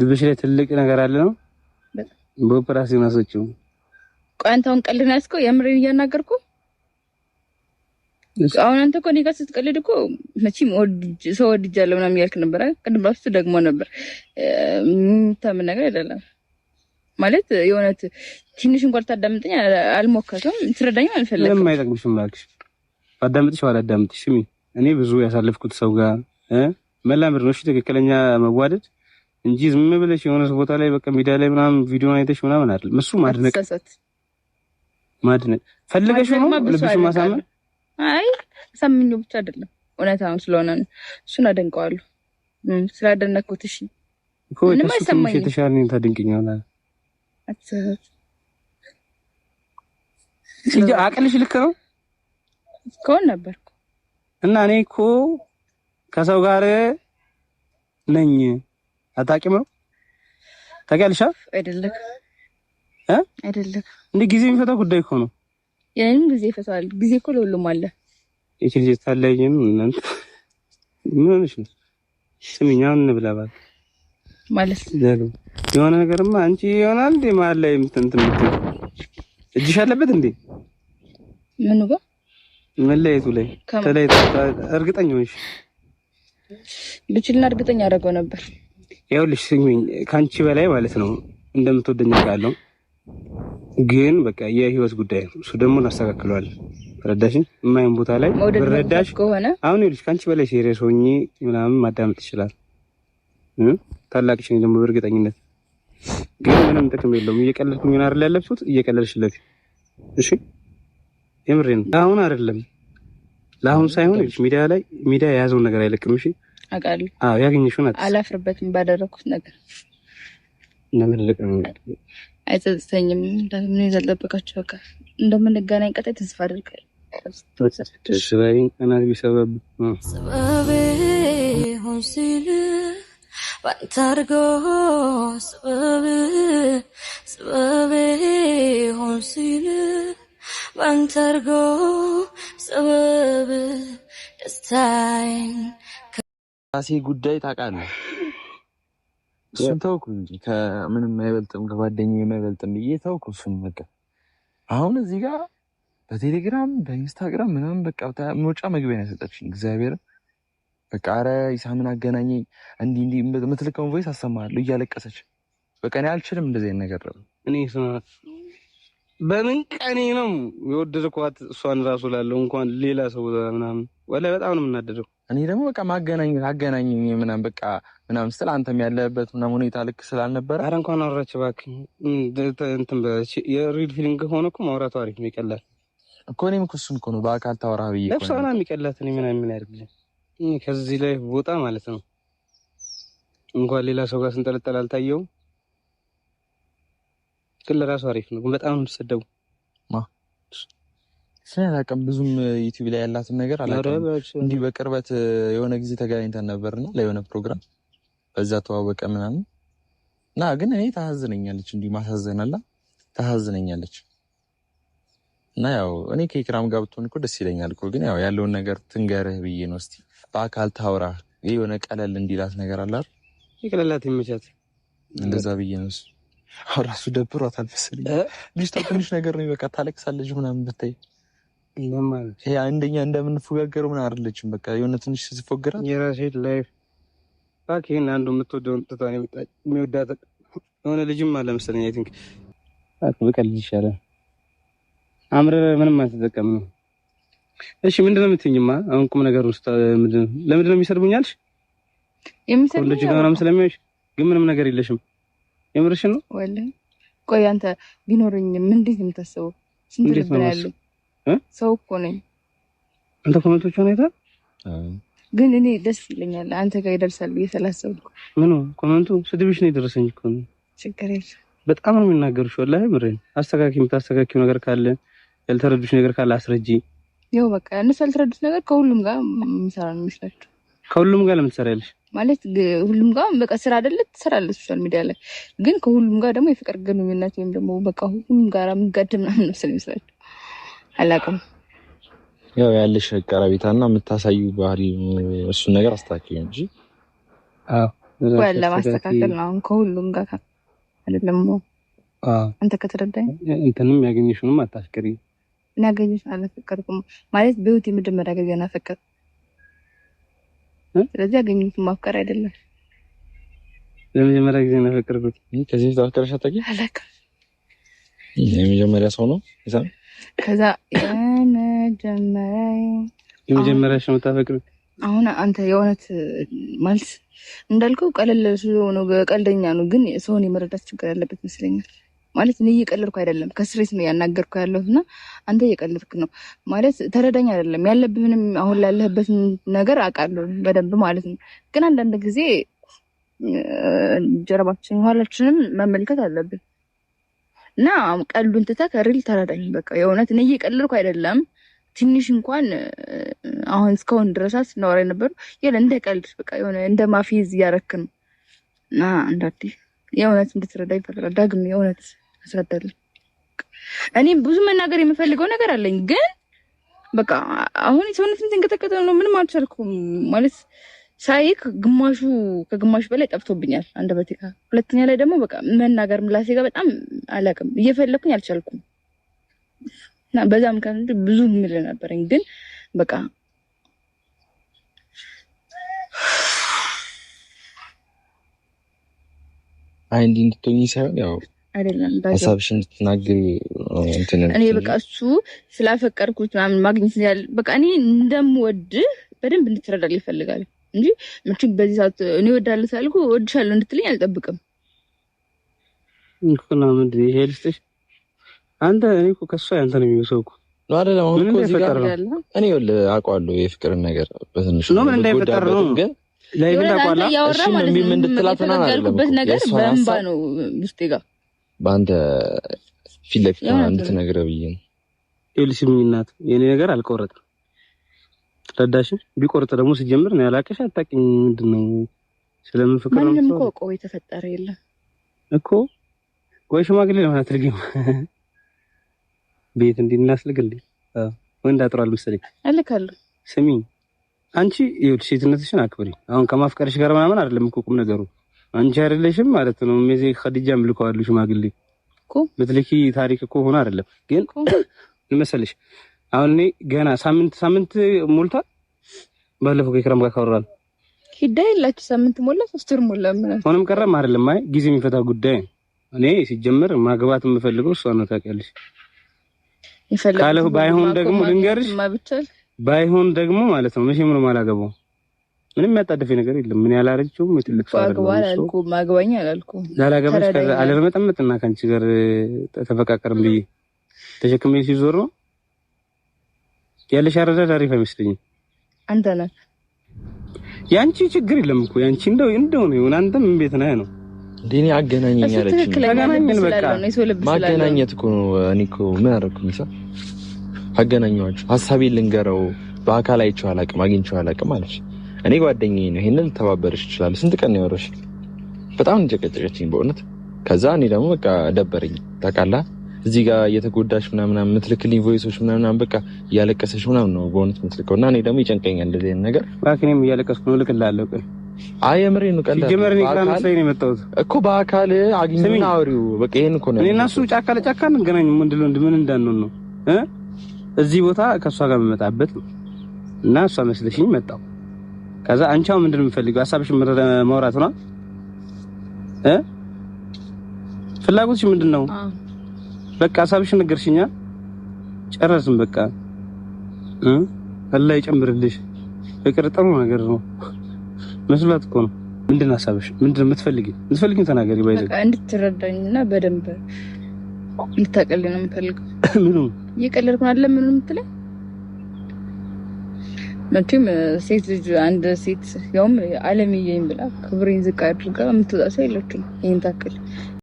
ልብሽ ላይ ትልቅ ነገር አለ ነው። በኦፕራሲ ማሰችው ቋንታውን አንተውን ቀልድ ነው ያስከው? የምሬን እያናገርኩ አሁን አንተ እኮ እኔ ጋር ስትቀልድ እኮ መቼም ሰው ወድጃለሁ ምናምን እያልክ ነበረ። ቅድም እራሱ ደግሞ ነበር ምታምን ነገር አይደለም ማለት የሆነ ትንሽ እንኳን ታዳምጠኝ አልሞከርኩም። ትረዳኝ አልፈለግም። ምንም አይጠቅምሽም እባክሽ። አዳምጥሽ አላዳምጥሽ እኔ ብዙ ያሳለፍኩት ሰው ጋር መላምድ ነው። እሺ ትክክለኛ መዋደድ እንጂ ዝም ብለሽ የሆነ ቦታ ላይ በቃ ሚዲያ ላይ ምናምን ቪዲዮ አይተሽ ምናምን አይደለም። እሱ ማድነቅ ማድነቅ ፈልገሽ ነው ልብሽ ማሳመን አይ ሳምኝ ብቻ አይደለም እውነታውን ስለሆነ እሱን አደንቀዋለሁ። ስላደነኩት እሺ ምንም አይሰማኝም። የተሻለ ነው ታደንቅኛለህ። እንጂ አቅልሽ ልክ ነው እስካሁን ነበርኩ እና እኔ እኮ ከሰው ጋር ነኝ አታውቂም ነው? ታውቂያለሽ አይደለም? እ አይደለም እንዴ ጊዜ የሚፈታው ጉዳይ እኮ ነው። ያንንም ጊዜ ይፈታል ጊዜ እኮ ለሁሉም አለ። እቺ ልጅ ታለይም እናንተ ምን ሆነሽ ነው? ስሚኝ አሁን እንብላ ማለት ነው። የሆነ ነገርማ አንቺ ይሆናል እንዴ መሀል ላይ የምትንት የምትል እጅሽ አለበት እንዴ? ምኑ ጋር መለየቱ ላይ ተለይ እርግጠኛ ሆንሽ? ብችልና እርግጠኛ አደረገው ነበር። ይኸውልሽ ስሚኝ፣ ከአንቺ በላይ ማለት ነው እንደምትወደኝ አውቃለሁ፣ ግን በቃ የህይወት ጉዳይ ነው። እሱ ደግሞ እናስተካክለዋለን። ረዳሽኝ የማይሆን ቦታ ላይ ረዳሽ ከሆነ አሁን ይኸውልሽ፣ ከአንቺ በላይ ሴሪየስ ሆኜ ምናምን ማዳመጥ ይችላል። ታላቅሽ ነኝ ደግሞ በእርግጠኝነት ግን ምንም ጥቅም የለውም። እየቀለድኩኝ ነው አይደል ያለብሽት? እየቀለድሽለት። እሺ የምሬን አሁን አይደለም ለአሁን ሳይሆን ሚዲያ ላይ ሚዲያ የያዘውን ነገር አይለቅም። እሺ አውቃለሁ። ያገኘሽ ያገኘሽውን አላፍርበትም ባደረኩት ነገር ለምን ልቅ አይጸጽተኝም። ለምን ያልጠበቃችሁ በቃ እንደምንገናኝ ቀጣይ ተስፋ አድርጋለሁ። ስራዬን ቀናት ቢሰበብ ሰበቤ ሆን ሲል ባንተ አድርጎ ሰበቤ ሰበቤ ሆን ሲል ባንተ አድርጎ ሰበብ ደስታዬን ራሴ ጉዳይ ታውቃለህ። እሱን ተውኩ እንጂ ከምንም አይበልጥም፣ ከጓደኛ የማይበልጥም ብዬ ተውኩ። እሱን በቃ አሁን እዚህ ጋር በቴሌግራም በኢንስታግራም ምናምን በቃ መውጫ መግቢያ ነው ያሰጠችኝ። እግዚአብሔር በቃ ኧረ ኢሳምን አገናኘኝ እንዲህ እንዲህ የምትልከውን ቮይስ አሰማለሁ እያለቀሰች በቃ እኔ አልችልም እንደዚህ አይነት ነገር እኔ በምን ቀኔ ነው የወደድኳት እሷን ራሱ ላለው እንኳን ሌላ ሰው ምናምን ወላሂ በጣም ነው የምናደደው እኔ ደግሞ በቃ ማገናኝ አገናኝ ምናም በቃ ምናም ስል አንተም ያለበት ምናም ሁኔታ ልክ ስላልነበረ፣ አረ እንኳን አወራች እባክህ የሪል ፊሊንግ ከሆነ እኮ ማውራቱ አሪፍ ነው፣ ይቀላል እኮ እኔም እኮ እሱን እኮ ነው በአካል ታወራ ብዬ ለብሷና የሚቀላት እኔ ምናም ምን ያደርግልኝ ከዚህ ላይ ቦጣ ማለት ነው። እንኳን ሌላ ሰው ጋር ስንጠለጠል አልታየውም፣ ግን ለራሱ አሪፍ ነው። በጣም ነው የምትሰደቡ ስላላውቅም ብዙም ዩቲዩብ ላይ ያላትን ነገር አላውቅም። እንዲህ በቅርበት የሆነ ጊዜ ተገናኝተን ነበርና ለሆነ ፕሮግራም በዛ ተዋወቀ ምናምን እና ግን እኔ ታሳዝነኛለች፣ እንዲህ ማሳዘናላ ታሳዝነኛለች። እና ያው እኔ ከኢክራም ጋር ብትሆን እኮ ደስ ይለኛል እኮ ግን ያው ያለውን ነገር ትንገርህ ብዬ ነው። እስቲ በአካል ታውራ የሆነ ቀለል እንዲላት ነገር አለ አይደል? ይቀለላት ይመቻት፣ እንደዛ ብዬ ነው። እሱ ራሱ ደብሯት መሰለኝ ልጅቷ። ትንሽ ነገር ነው ይበቃ፣ ታለቅሳለች ምናምን ብታይ አንደኛ እንደምንፎጋገረው ምን አይደለችም። በቃ የሆነ ትንሽ ስትፎገራት የራሴት ላይፍ ይህን አንዱ የምትወደውን ትቷን የሚወዳት የሆነ ልጅም አለ መሰለኝ። አይ ቲንክ በቃ ልጅ ይሻላል። አምረህ ምንም አልተጠቀም ነው። እሺ ምንድነው ነው የምትይኝማ? አሁን ቁም ነገር ውስጥ ለምንድን ነው የሚሰድቡኝ አልሽ? ወንዶች ጋር ግን ምንም ነገር የለሽም። የምርሽ ነው? ቆይ አንተ ቢኖርኝ ምን እንዴት የምታስበው? ስንት ልብ ነው ያለው ሰው እኮ ነኝ። አንተ ኮመንቶቹን አይተሃል? ግን እኔ ደስ ይለኛል አንተ ጋር ይደርሳል ብዬ ስላሰብኩ። ምኑ ኮመንቱ ስድብሽ ነው የደረሰኝ እኮ ነው። ችግር የለም። በጣም ነው የሚናገሩሽ። ወላሂ ምሬን አስተካኪ። የምታስተካኪው ነገር ካለ ያልተረዱሽ ነገር ካለ አስረጂ። ያው በቃ እነሱ ያልተረዱት ነገር ከሁሉም ጋር የሚሰራ ነው የሚመስላቸው። ከሁሉም ጋር ለምን ትሰሪያለሽ? ማለት ሁሉም ጋር በቃ ስራ አይደለ ትሰራለህ፣ ሶሻል ሚዲያ ላይ ግን ከሁሉም ጋር ደግሞ የፍቅር ግንኙነት ወይም ደግሞ በቃ ሁሉም ጋር የሚጋድም ምናምን ነው ስለሚመስላቸው አላውቅም። ያው ያለሽ ቀረቤታ እና የምታሳዩ ባህሪ እሱን ነገር አስተካክል እንጂ ለማስተካከል ነው። አሁን ከሁሉም ጋር አይደለም። አንተ ከተረዳኝ እንትንም ያገኘሽውንም አታፍቅሪ ያገኘሽ አላፈቀርኩም ማለት በህይወት የመጀመሪያ ጊዜ ናፈቀር። ስለዚህ ያገኘሽ ማፍቀር አይደለም። ለመጀመሪያ ጊዜ ናፈቀርኩት። ከዚህ በፊት አፍቀረሽ አታውቂም? አላውቅም። የመጀመሪያ ሰው ነው ይሳም ከዛ የመጀመሪያ የመጀመሪያሽ ነው የምታፈቅሪው? አሁን አንተ የእውነት ማለት እንዳልከው ቀለል ነው፣ ቀልደኛ ነው። ግን ሰውን የመረዳት ችግር ያለበት ይመስለኛል። ማለት እኔ እየቀለድኩ አይደለም፣ ከስሬት ነው ያናገርኩ ያለሁት እና አንተ እየቀለድክ ነው ማለት ተረዳኝ አይደለም። ያለብህንም አሁን ላለህበትን ነገር አውቃለሁ በደንብ ማለት ነው። ግን አንዳንድ ጊዜ ጀርባችን ኋላችንም መመልከት አለብን። እና ቀሉን ትተህ ከሪል ተረዳኝ። በቃ የእውነት እኔ እየቀለልኩ አይደለም። ትንሽ እንኳን አሁን እስካሁን ድረሳ ስናወራ የነበሩ የለ እንደ ቀልድ በቃ የሆነ እንደ ማፊዝ እያረክ ነው እና አንዳንዴ የእውነት እንድትረዳ ይፈልጋል። ዳግም የእውነት አስረዳለሁ። እኔም ብዙ መናገር የምፈልገው ነገር አለኝ፣ ግን በቃ አሁን ሰውነት ንትንቀጠቀጠ ነው። ምንም አልቻልኩም ማለት ሳይክ ግማሹ ከግማሹ በላይ ጠፍቶብኛል በቲካ ሁለተኛ ላይ ደግሞ በቃ መናገር ምላሴ ጋር በጣም አላቅም እየፈለኩኝ አልቻልኩም። በዛም ከ ብዙ ምል ነበረኝ፣ ግን በቃ አይ እንዲህ እንድትሆኝ ሳይሆን ያው አይደለም ሀሳብሽን እንድትናገሪ እኔ በቃ እሱ ስላፈቀርኩት ምናምን ማግኘት በቃ እኔ እንደምወድህ በደንብ እንድትረዳል ይፈልጋል እንጂ መቼም በዚህ ሰዓት እኔ እወዳለሁ ሳልኩ እወድሻለሁ እንድትለኝ አልጠብቅም። እንኩና ምንድን ይሄ ልስጥሽ አንተ እኔ እኮ ከሷ ያንተ ነው የሚወሰው እኮ አይደለም። አሁን እኮ እዚህ ጋር እኔ ይኸውልህ አውቀዋለሁ የፍቅርን ነገር በትንሹ ነው ምን እንዳይፈጠር ነው ለይሁን ነው ነገር አልቆረጥም አስረዳሽ። ቢቆርጥ ደግሞ ሲጀምር ነው ያላቀሽ አታውቂኝ። ምንድን ነው ስለምን ፍቅር ነው? ምንም እኮ ቆይ የተፈጠረ የለ እኮ ወይ ሽማግሌ ለምን አትልጊም? ቤት እንዲናስልግልኝ ወንድ አጥሯል መሰለኝ። እልካለሁ። ስሚ አንቺ ይኸውልሽ፣ ሴትነትሽን አክብሪ። አሁን ከማፍቀርሽ ጋር ምናምን አይደለም እኮ ቁም ነገሩ። አንቺ አይደለሽም ማለት ነው። ሜዜ ከዲጃም ልከዋለሁ ሽማግሌ እኮ ምትልኪ ታሪክ እኮ ሆኖ አይደለም ግን መሰለሽ አሁን እኔ ገና ሳምንት ሳምንት ሞልቷል። ባለፈው ከክረም ጋር ካወራል ሂዳ የላችሁ ሳምንት ሞላ፣ ሶስት ወር ሞላ። ምን ሆነም ቀረም አይደለም። አይ ጊዜ የሚፈታ ጉዳይ እኔ ሲጀምር ማግባት የምፈልገው እሷ ነው። ታውቂያለሽ ካለሁ ባይሆን ደግሞ ልንገርሽ፣ ባይሆን ደግሞ ማለት ነው መቼም ነው የማላገባው። ምንም የሚያጣደፈኝ ነገር የለም። ምን ያላረችውም ምትልክ ማግባኝ አላልኩ ላላገባሽ አለመጠመጥና ከአንቺ ጋር ተፈቃቀርም ብዬ ተሸክሜ ሲዞር ነው ያለሽ አረዳድ አሪፍ አይመስለኝም። አንተ ነህ ያንቺ ችግር የለም እኮ ያንቺ እንደው እንደው ነው ይሁን። አንተም እንዴት ነህ ነው እንደኔ አገናኘኝ ያለችኝ ተገናኘን። በቃ ማገናኘት እኮ ነው። እኔ እኮ ምን አደረኩ? ምሳ አገናኘኋቸው። ሀሳቤ ልንገረው በአካል አይቼው አላውቅም፣ አግኝቼው አላውቅም አለች። እኔ ጓደኛዬ ነው፣ ይሄንን ልተባበረሽ ይችላል። ስንት ቀን ነው ያወራሽ? በጣም እንጨቀጨቀችኝ በእውነት። ከዛ እኔ ደግሞ በቃ ደበረኝ ታውቃለህ እዚህ ጋር እየተጎዳሽ ምናምን የምትልክልኝ ቮይሶች ምናምን በቃ እያለቀሰሽ ምናምን ነው በእውነት የምትልከው እና እኔ ደግሞ ይጨንቀኛል እንደዚህ ዓይነት ነገር። እባክህ እኔም እያለቀስኩ ነው እልክልሃለሁ። ቆይ አይ የምሬ ነው። ቀላል ጀመር ነው ግራም ሳይኔ መጣሁት እኮ በአካል አግኝና አውሪው በቃ ይሄን እኮ ነው። እኔና እሱ ጫካ ለጫካ እንገናኝ ምን እንደሆነ እንደምን እንዳንሆን ነው እ እዚህ ቦታ ከእሷ ጋር የምመጣበት እና እሷ መስለሽኝ መጣሁ። ከዛ አንቻው አሁን ምንድን ነው የምፈልገው? ሀሳብሽ መውራት ነው እ ፍላጎትሽ ምንድን ነው? በቃ ሀሳብሽን ነገርሽኛ፣ ጨረስን። በቃ አላህ ይጨምርልሽ። ፍቅር ጥሩ ነገር ነው መስላት እኮ ነው። ምንድን ሀሳብሽ ምንድን የምትፈልጊ የምትፈልጊን ተናገሪ። ባይዘ በቃ እንድትረዳኝና በደንብ እንድታቀልኝ ነው የምፈልገው። ምንም እየቀለድኩ አይደለም። ምንም የምትለኝ መቼም ሴት ልጅ አንድ ሴት ያውም አለምዬኝ ብላ ክብሬን ዝቅ አድርጋ የምትወጣ ሰው የለችም ይሄን ታክል